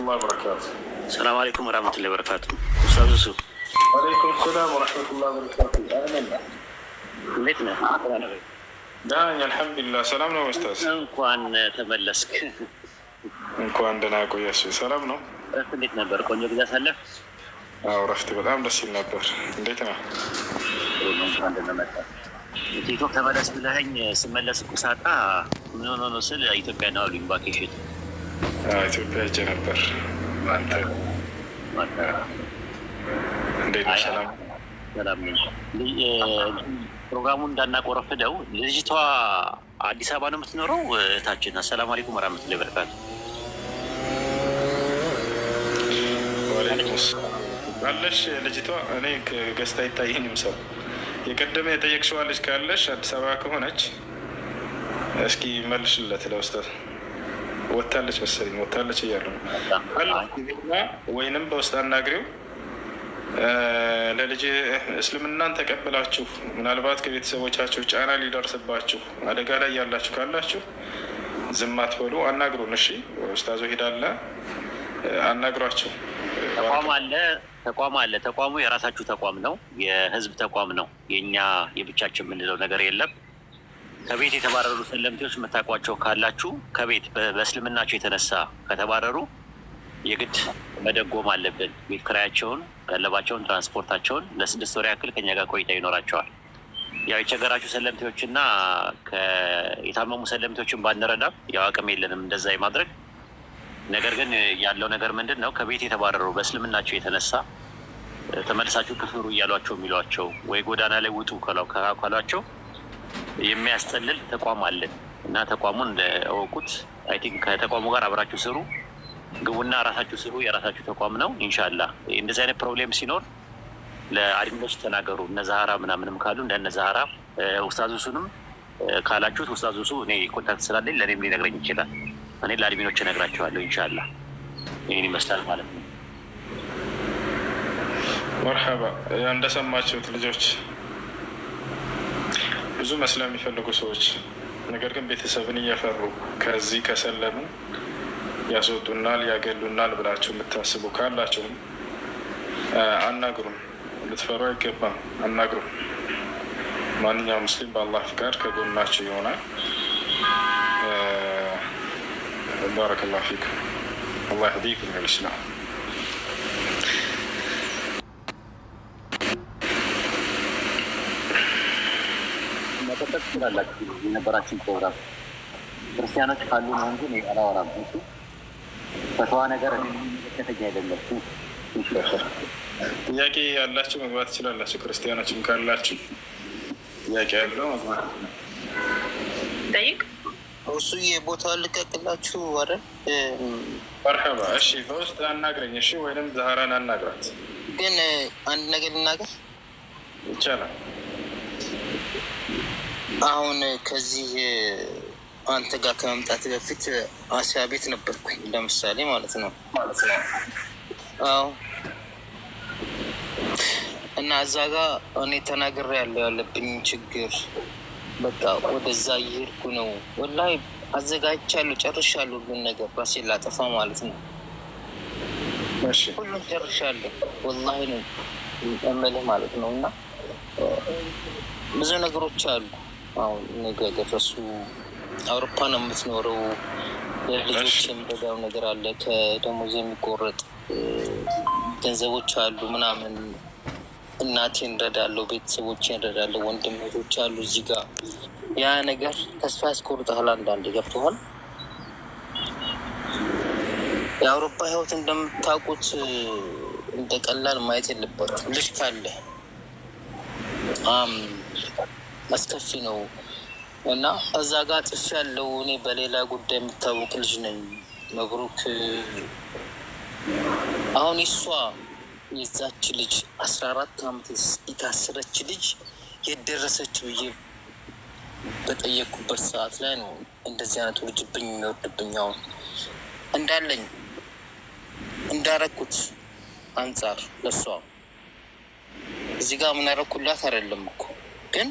ወረሕመቱላሂ ወበረካቱ። ሰላም አለይኩም ወረሕመቱላሂ ወበረካቱ። ኡስታዝ ሱ አለይኩም ሰላም ወረሕመቱላሂ ወበረካቱ። እንዴት ነህ? ዳኝ አልሐምዱሊላህ። ሰላም ነው ኡስታዝ? እንኳን ተመለስክ። እንኳን ደህና ቆያችሁ። ሰላም ነው? እረፍት እንዴት ነበር? ቆንጆ ጊዜ አሳለፍ? አዎ እረፍት በጣም ደስ ይል ነበር። እንዴት ነው? ቲክቶክ ተመለስ ብለኸኝ ስመለስ ቁሳጣ ምን ሆኖ ነው ስል ኢትዮጵያ ነው አሉኝ። እባክህ ኢትዮጵያ ሄጄ ነበር። አንተ እንዴት ነው? ሰላም ሰላም። ፕሮግራሙ እንዳናቆረፍደው ልጅቷ አዲስ አበባ ነው የምትኖረው። እህታችን አሰላሙ አለይኩም ወራህመቱላሂ ወበረካቱ። አለሽ ልጅቷ እኔ ገዝታ አይታየኝም። ሰው የቀደመ የጠየቅሽዋ ልጅ ካለሽ አዲስ አበባ ከሆነች እስኪ መልሽለት ለውስጠት ወታለች መሰለኝ ወታለች እያሉ ቤትና ወይንም በውስጥ አናግሬው ለልጅ እስልምናን ተቀብላችሁ ምናልባት ከቤተሰቦቻችሁ ጫና ሊደርስባችሁ አደጋ ላይ ያላችሁ ካላችሁ ዝም አትበሉ፣ አናግሩን። እሺ ኡስታዞ ሄዳለ አናግሯቸው። ተቋም አለ ተቋም አለ። ተቋሙ የራሳችሁ ተቋም ነው፣ የህዝብ ተቋም ነው። የእኛ የብቻችን የምንለው ነገር የለም። ከቤት የተባረሩ ሰለምቴዎች የምታውቋቸው ካላችሁ ከቤት በእስልምናቸው የተነሳ ከተባረሩ የግድ መደጎም አለብን። ቤት ክራያቸውን፣ ቀለባቸውን፣ ትራንስፖርታቸውን ለስድስት ወር ያክል ከኛ ጋር ቆይታ ይኖራቸዋል። ያው የቸገራችሁ ሰለምቴዎችና የታመሙ ሰለምቴዎችን ባንረዳም ያው አቅም የለንም እንደዛ የማድረግ ነገር ግን ያለው ነገር ምንድን ነው? ከቤት የተባረሩ በእስልምናቸው የተነሳ ተመልሳችሁ ክፍሩ እያሏቸው የሚሏቸው ወይ ጎዳና ላይ ውጡ ካሏቸው የሚያስጠልል ተቋም አለን እና ተቋሙን ለወቁት አይ ቲንክ ከተቋሙ ጋር አብራችሁ ስሩ፣ ግቡና ራሳችሁ ስሩ። የራሳችሁ ተቋም ነው። ኢንሻላ እንደዚህ አይነት ፕሮብሌም ሲኖር ለአድሚኖች ተናገሩ። እነ ምናምንም ካሉ እንደነ ዛህራ ሱንም ካላችሁት ሱ እኔ ኮንታክት ስላለኝ ለእኔም ሊነግረኝ ይችላል። እኔ ለአድሚኖች እነግራቸዋለሁ። ኢንሻላ ይህን ይመስላል ማለት ነው። መርሐባ እንደሰማችሁት ልጆች ብዙ መስለ የሚፈልጉ ሰዎች ነገር ግን ቤተሰብን እየፈሩ ከዚህ ከሰለሙ ያስወጡናል፣ ያገሉናል ብላችሁ የምታስቡ ካላችሁም አናግሩም። ልትፈሩ አይገባም። አናግሩም። ማንኛውም ሙስሊም በአላህ ፍቃድ ከጎናችሁ ይሆናል። ባረከላሁ ፊኩም አላህ ዲክ ሚል መጠጥ ትችላላችሁ። የነበራችን ፕሮግራም ክርስቲያኖች ካሉ ነው እንጂ አላወራም። እሱ በተዋ ነገር ከተኛ አይደለም። ጥያቄ ያላችሁ መግባት ትችላላችሁ። ክርስቲያኖችም ካላችሁ ጥያቄ ያለው መግባት ጠይቅ። እሱ የቦታ ልቀቅላችሁ አረ መርሐባ። እሺ በውስጥ አናግረኝ። እሺ ወይም ዛህራን አናግራት። ግን አንድ ነገር ልናገር ይቻላል። አሁን ከዚህ አንተ ጋር ከመምጣት በፊት አሲያ ቤት ነበርኩኝ፣ ለምሳሌ ማለት ነው ማለት ነው። እና እዛ ጋር እኔ ተናግሬ ያለው ያለብኝ ችግር በቃ ወደዛ እየሄድኩ ነው። ወላሂ አዘጋጅቻለሁ፣ ጨርሻለሁ፣ ሁሉን ነገር ራሴን ላጠፋ ማለት ነው። ሁሉን ጨርሻለሁ፣ ወላሂ ነው የምልህ ማለት ነው። እና ብዙ ነገሮች አሉ አሁን ነገ ደረሱ አውሮፓ ነው የምትኖረው። ልጆች የምረዳው ነገር አለ፣ ከደሞዝ የሚቆረጥ ገንዘቦች አሉ ምናምን። እናቴ እንረዳለሁ፣ ቤተሰቦች እንረዳለሁ፣ ወንድም እህቶች አሉ እዚህ ጋር። ያ ነገር ተስፋ ያስቆርጥሃል። አንዳንድ ገብተዋል። የአውሮፓ ህይወት እንደምታውቁት እንደ ቀላል ማየት የለበትም። ልክ አለ አስከፊ ነው እና እዛ ጋር ጥፍ ያለው እኔ በሌላ ጉዳይ የምታወቅ ልጅ ነኝ። መብሩክ አሁን እሷ የዛች ልጅ አስራ አራት አመት የታሰረች ልጅ የደረሰች ብዬ በጠየኩበት ሰዓት ላይ ነው እንደዚህ አይነት ውርጅብኝ የሚወርድብኝ። አሁን እንዳለኝ እንዳረኩት አንጻር ለሷ እዚህ ጋር ምን ያረኩላት አይደለም እኮ ግን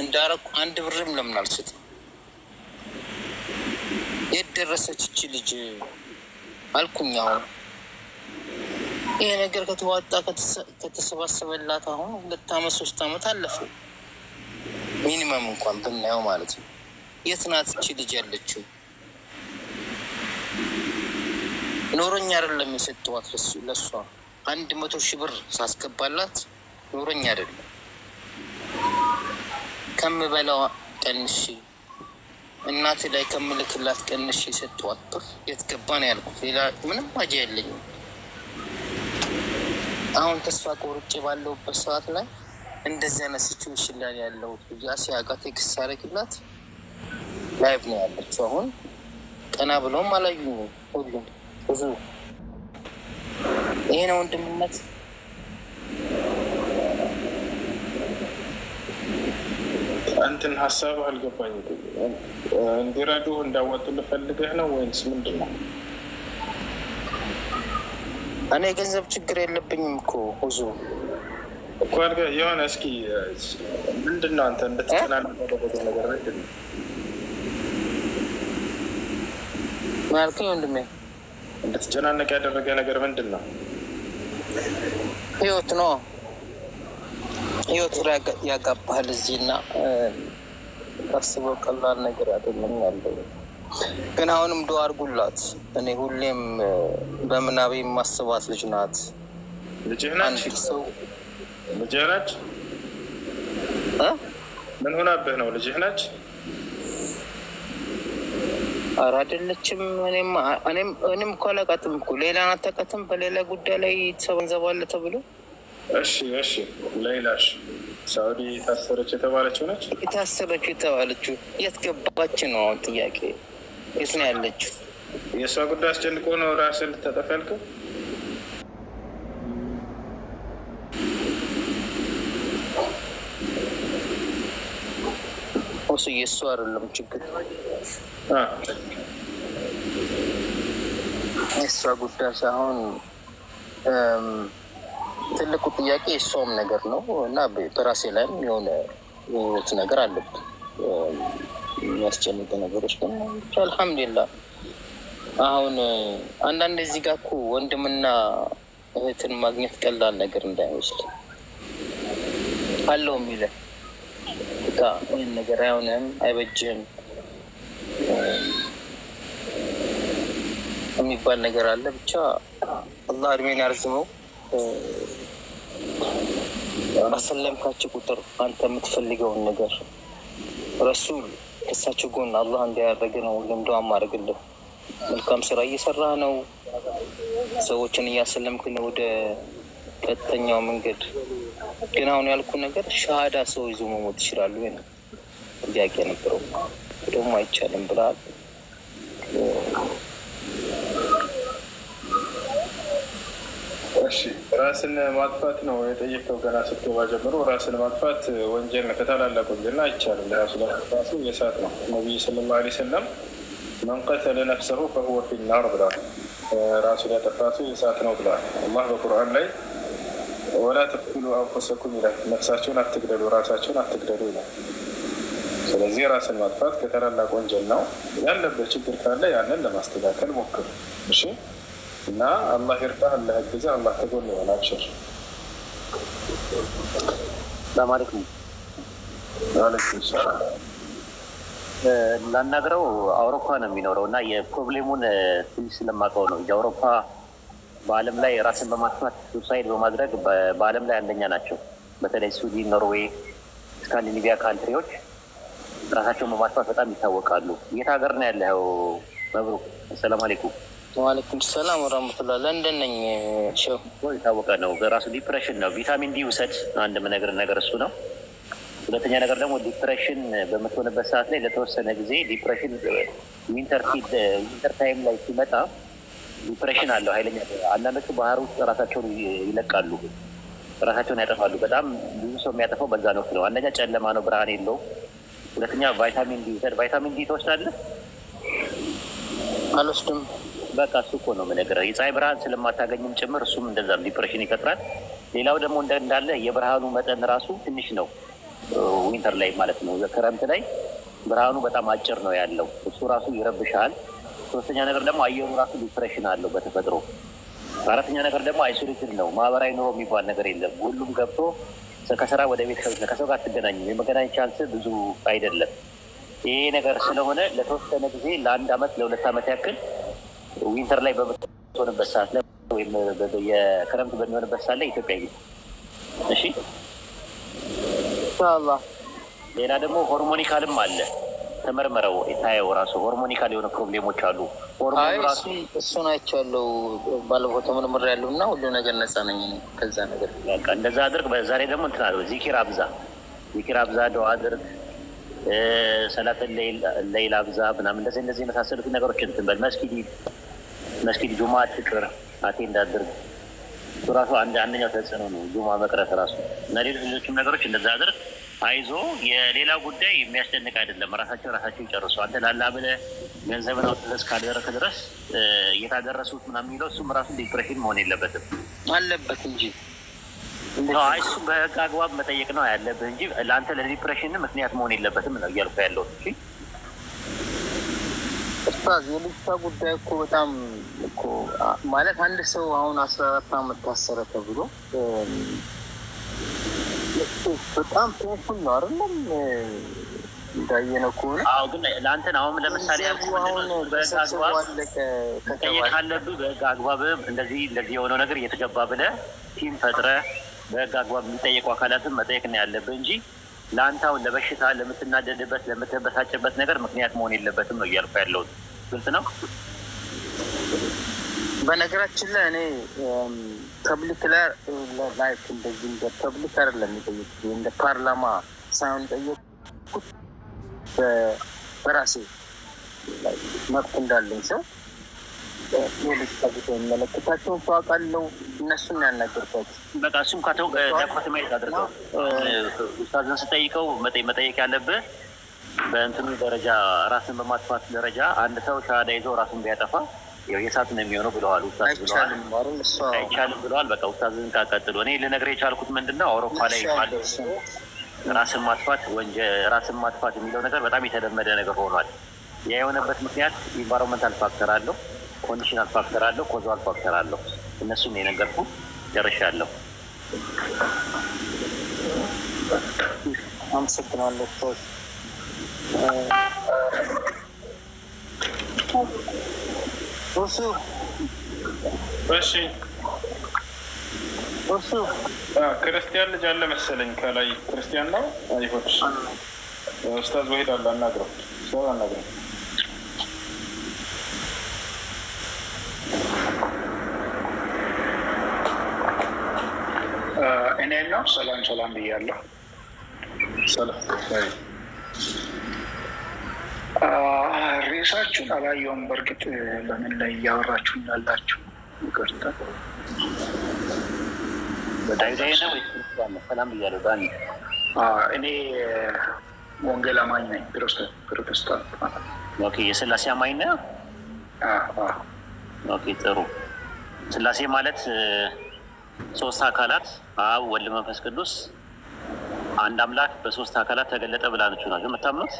እንዳረኩ አንድ ብርም ለምን አልሰጥ? የደረሰች ደረሰች እች ልጅ አልኩኝ። አሁን ይሄ ነገር ከተዋጣ ከተሰባሰበላት አሁን ሁለት አመት ሶስት አመት አለፈው ሚኒመም እንኳን ብናየው ማለት ነው። የት ናት እች ልጅ ያለችው? ኖረኛ አይደለም የሰጠዋት ለሷ አንድ መቶ ሺህ ብር ሳስገባላት ኖረኛ አይደለም ከምበላው ቀንሺ እናት ላይ ከምልክላት ቀንሽ ስትዋጥር የት ገባ ነው ያልኩት። ሌላ ምንም አጀ የለኝም። አሁን ተስፋ ቆርጬ ባለሁበት ሰዓት ላይ እንደዚህ አይነት ሲቹዌሽን ላይ ያለሁት አሲያ ጋር ቴክስት ሳረግላት ላይቭ ነው ያለችው። አሁን ቀና ብለውም አላዩኝም ሁሉም ብዙ ይሄ ነው ወንድምነት። እንትን ሀሳብ አልገባኝ። እንዲረዱ እንዳወጡ ልፈልገህ ነው ወይንስ ምንድን ነው? እኔ የገንዘብ ችግር የለብኝም እኮ ሁዙ እኮ የሆነ እስኪ ምንድን ነው አንተ እንድትጨናነቅ ነገር ምንድን ነው? ምን አልከኝ ወንድሜ? እንድትጨናነቅ ያደረገ ነገር ምንድን ነው? ህይወት ነው ህይወት ግራ ያጋባሃል። እዚህና አስበው ቀላል ነገር አይደለም ያለው። ግን አሁንም ዶ አድርጉላት። እኔ ሁሌም በምናቤ የማስባት ልጅ ናት። አንድ ልጅህ ናች። ምን ሆናብህ ነው? ልጅህ ናች። ኧረ አይደለችም። እኔም እኮ አላውቃትም እኮ ሌላ ናት። በሌላ ጉዳይ ላይ ተሰበንዘባለ ተብሎ እሺ እሺ ሌላሽ ሳኡዲ የታሰረች የተባለችው ነች። የታሰረች የተባለችው የት ገባች ነው ጥያቄ። የት ነው ያለችው? የእሷ ጉዳይ አስጨንቆ ነው ራስን ልታጠፋ ያልከው? እሱ የእሱ አይደለም ችግር፣ የእሷ ጉዳይ ሳይሆን ትልቁ ጥያቄ የእሷም ነገር ነው እና በራሴ ላይም የሆነ ውት ነገር አለብ የሚያስጨንቅ ነገሮች ግን አልሐምዱላ አሁን አንዳንድ እዚህ ጋር እኮ ወንድምና እህትን ማግኘት ቀላል ነገር እንዳይመስል አለው የሚለ ይህን ነገር አይሆንም፣ አይበጅህም የሚባል ነገር አለ። ብቻ አላህ እድሜን ያርዝመው። ባሰለምካቸው ቁጥር አንተ የምትፈልገውን ነገር ረሱል ከሳቸው ጎን አላህ እንዳያደረገ ነው። ልምዶ አማርግልህ መልካም ስራ እየሰራ ነው። ሰዎችን እያሰለምክ ነው ወደ ቀጥተኛው መንገድ። ግን አሁን ያልኩ ነገር ሻሃዳ ሰው ይዞ መሞት ይችላሉ ወይ ነው ጥያቄ ነበረው። ደግሞ አይቻልም ብለሃል። እሺ ራስን ማጥፋት ነው የጠየቀው። ገና ስትገባ ጀምሮ ራስን ማጥፋት ወንጀል ነው፣ ከታላላቅ ወንጀል ነው፣ አይቻልም። ራሱ ለራሱ የእሳት ነው። ነቢዩ ሰለላሁ ዐለይሂ ወሰለም መንቀተለ ነፍሰሁ ፈሁወ ፊናር ብሏል። ራሱ ያጠፋቱ የእሳት ነው ብሏል። አላህ በቁርአን ላይ ወላ ተቅቱሉ አንፉሰኩም ይላል። ነፍሳችሁን አትግደሉ፣ ራሳችሁን አትግደሉ ይላል። ስለዚህ ራስን ማጥፋት ከታላላቅ ወንጀል ነው። ያለበት ችግር ካለ ያንን ለማስተካከል ሞክር። እሺ እና አላህ ይርዳህ፣ አላህ ያግዝህ፣ አላህ ተጎን ይሆን አብሽር። ሰላም አለይኩም። አለይኩም ሰላም። ላናግረው አውሮፓ ነው የሚኖረው እና የፕሮብሌሙን ትንሽ ስለማውቀው ነው። የአውሮፓ በዓለም ላይ ራስን በማጥፋት ሱሳይድ በማድረግ በዓለም ላይ አንደኛ ናቸው። በተለይ ሱዲ፣ ኖርዌይ፣ ስካንዲኒቪያ ካንትሪዎች ራሳቸውን በማጥፋት በጣም ይታወቃሉ። የት ሀገር ነው ያለው? መብሩክ። አሰላም አለይኩም ዋለኩም ሰላም ወራህመቱላህ። ለንደን ነኝ። የታወቀ ነው በራሱ ዲፕሬሽን ነው። ቪታሚን ዲ ውሰድ፣ አንድ ምነግር ነገር እሱ ነው። ሁለተኛ ነገር ደግሞ ዲፕሬሽን በምትሆንበት ሰዓት ላይ ለተወሰነ ጊዜ ዲፕሬሽን ዊንተር ታይም ላይ ሲመጣ ዲፕሬሽን አለው ኃይለኛ አንዳንዶቹ ባህር ውስጥ ራሳቸውን ይለቃሉ፣ ራሳቸውን ያጠፋሉ። በጣም ብዙ ሰው የሚያጠፋው በዛ ነው ነው። አንደኛ ጨለማ ነው፣ ብርሃን የለው። ሁለተኛ ቫይታሚን ዲ ውሰድ። ቫይታሚን ዲ ትወስዳለህ? አልወስድም በቃ እሱ እኮ ነው የምነግርህ። የፀሐይ ብርሃን ስለማታገኝም ጭምር እሱም እንደዛ ዲፕሬሽን ይፈጥራል። ሌላው ደግሞ እንዳለ የብርሃኑ መጠን ራሱ ትንሽ ነው። ዊንተር ላይ ማለት ነው። ክረምት ላይ ብርሃኑ በጣም አጭር ነው ያለው። እሱ ራሱ ይረብሻል። ሶስተኛ ነገር ደግሞ አየሩ ራሱ ዲፕሬሽን አለው በተፈጥሮ። አራተኛ ነገር ደግሞ አይሶሌትድ ነው። ማህበራዊ ኑሮ የሚባል ነገር የለም። ሁሉም ገብቶ ከስራ ወደ ቤት ከሰው ጋር አትገናኝም። የመገናኝ ቻንስ ብዙ አይደለም። ይሄ ነገር ስለሆነ ለተወሰነ ጊዜ ለአንድ አመት ለሁለት አመት ያክል ዊንተር ላይ በምትሆንበት ሰዓት ላይ ወይም የክረምት በሚሆንበት ሰዓት ላይ ኢትዮጵያ ይግባ። እሺ ኢንሻላህ። ሌላ ደግሞ ሆርሞኒካልም አለ። ተመርመረው የታየው ራሱ ሆርሞኒካል የሆነ ፕሮብሌሞች አሉ። እሱን አይቻለሁ ባለፈው ተመርምር ያለው እና ሁሉ ነገር ነፃ ነኝ ከዛ ነገር። እንደዛ አድርግ። በዛሬ ደግሞ እንትን አለው ዚኪር አብዛ፣ ዚኪር አብዛ፣ ዱዓ አድርግ ሰላተን ሌይል አብዛ ምናምን እንደዚህ እንደዚህ የመሳሰሉት ነገሮች እንትን በል መስጊድ መስጊድ ጁማ አትቅር አቴንድ አድርግ ራሱ አንድ አንደኛው ተጽዕኖ ነው። ጁማ መቅረት ራሱ እና ሌሎች ሌሎችም ነገሮች እንደዛ አድርግ። አይዞ የሌላ ጉዳይ የሚያስደንቅ አይደለም። ራሳቸው ራሳቸው ይጨርሱ። አንተ ላላ ብለ ገንዘብን አውጥተህ እስካልደረክ ድረስ እየታደረሱት ምናምን የሚለው እሱም ራሱ ዲፕሬሽን መሆን የለበትም አለበት እንጂ እሱ በህግ አግባብ መጠየቅ ነው ያለብህ እንጂ ለአንተ ለዲፕሬሽን ምክንያት መሆን የለበትም ነው እያልኩ ያለው እ ኡስታዝ የልጅቷ ጉዳይ እኮ በጣም እኮ ማለት አንድ ሰው አሁን አስራ አራት አመት ታሰረ ተብሎ በጣም ፔንፉል ነው አይደለም? እንዳየነው ከሆነ አዎ። ግን ለአንተን አሁን ለምሳሌ ጠየቅ ካለብህ በህግ አግባብ እንደዚህ እንደዚህ የሆነው ነገር እየተገባ ብለህ ቲም ፈጥረህ በህግ አግባብ የሚጠየቁ አካላትን መጠየቅ ነው ያለብህ እንጂ ለአንታውን ለበሽታ፣ ለምትናደድበት፣ ለምትበሳጭበት ነገር ምክንያት መሆን የለበትም ነው እያልኩ ያለሁት። ግልጽ ነው። በነገራችን ላይ እኔ ፐብሊክ ላይ እንደዚህ እንደ ፐብሊክ አይደለም የጠየኩት እንደ ፓርላማ ሳይሆን ጠየቁት በራሴ መብት እንዳለኝ ሰው ሌሎች ጠጉቶ የሚመለከታቸውን ሰው አውቃለሁ። እነሱን ያናገርኳቸው በቃ እሱም ካተው ዳኮትማየት አድርገው ኡስታዝን ስጠይቀው መጠየቅ ያለብህ በእንትኑ ደረጃ ራስን በማጥፋት ደረጃ አንድ ሰው ሻሃዳ ይዞ ራሱን ቢያጠፋ የእሳት ነው የሚሆነው ብለዋል። ኡስታዝ ብለዋል፣ አይቻልም ብለዋል። በቃ ኡስታዝን ቀጥሎ እኔ ልነግርህ የቻልኩት ምንድን ነው አውሮፓ ላይ ማለት ራስን ማጥፋት ወንጀ ራስን ማጥፋት የሚለው ነገር በጣም የተለመደ ነገር ሆኗል። ያ የሆነበት ምክንያት ኢንቫይሮንመንታል ፋክተር አለው ኮንዲሽናል ፋክተር አለው፣ ኮዛል ፋክተር አለው። እነሱም የነገርኩ ጨርሻለሁ። አመሰግናለሁ። እሱ እሺ እሱ ክርስቲያን ልጅ አለ መሰለኝ ከላይ ክርስቲያን ነው። አይሆን ኡስታዝ ወሂድ አለ አናግረው ሰው አናግረው ሰላም ብያለሁ። ሬሳችሁን አላየውም። በእርግጥ በምን ላይ እያወራችሁ እንዳላችሁ ይቅርታ። እኔ ወንጌል አማኝ ነኝ፣ ፕሮቴስታንት የስላሴ አማኝ ነው። ጥሩ ስላሴ ማለት ሶስት አካላት አብ ወልድ መንፈስ ቅዱስ አንድ አምላክ በሶስት አካላት ተገለጠ ብላለች ናቸው የምታምኑት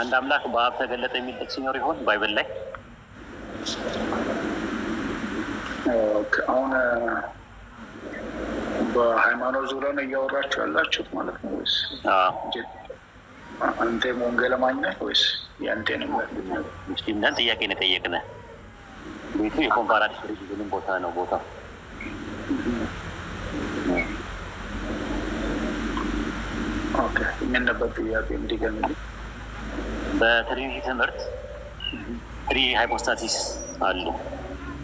አንድ አምላክ በአብ ተገለጠ የሚል ሲኖር ይሆን ባይብል ላይ አሁን በሃይማኖት ዙሪያ ነው እያወራችሁ ያላችሁት ማለት ነው ወይስ አንተ ወንጌለማኛ ወይስ የአንቴን ጥያቄ ነው የጠየቅነህ ቤቱ የኮንፈራንስ ሪዝንም ቦታ ነው ቦታ ምን ነበር ጥያቄ? እንዲገም በትሪኒቲ ትምህርት ትሪ ሃይፖስታሲስ አሉ፣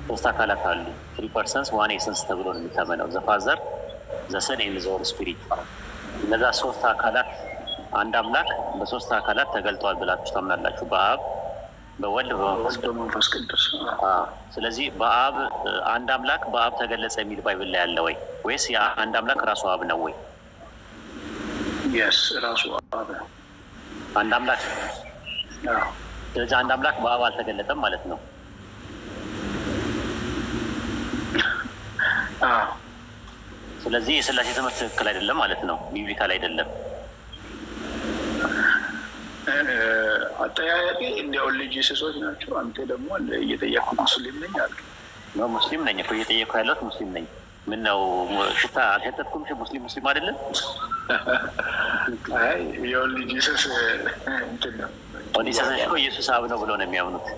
ሶስት አካላት አሉ። ትሪ ፐርሰንስ ዋን ኤሰንስ ተብሎ ነው የሚታመነው ዘፋዘር ዘሰን ኤንድ ዘወር ስፒሪት። እነዛ ሶስት አካላት አንድ አምላክ በሶስት አካላት ተገልጠዋል ብላችሁ ታምናላችሁ በአብ በወልድ በመንፈስ ቅዱስ። ስለዚህ በአብ አንድ አምላክ በአብ ተገለጸ የሚል ባይብል ላይ ያለ ወይ ወይስ የአንድ አምላክ ራሱ አብ ነው ወይ? የስ ራሱ አብ አንድ አምላክ። ስለዚህ አንድ አምላክ በአብ አልተገለጠም ማለት ነው። ስለዚህ የስላሴ ትምህርት ትክክል አይደለም ማለት ነው። ቢብሊካል አይደለም። አጠያያቂ እንዲያው ልጅ ስሶች ናቸው። አንተ ደግሞ እየጠየኩ ሙስሊም ነኝ አለ። ሙስሊም ነኝ እኮ እየጠየኩ ያለሁት ሙስሊም ነኝ። ምን ነው ሽታ አልሸጠትኩም? ሙስሊም ሙስሊም አይደለም። ይኸውልህ ነው ኢየሱስ አብ ነው ብለው ነው የሚያምኑት።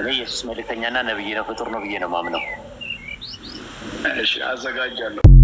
እኔ ኢየሱስ መልእክተኛና ነብይ ነው ፍጡር ነው ብዬ ነው ማምነው። እሺ አዘጋጃለሁ።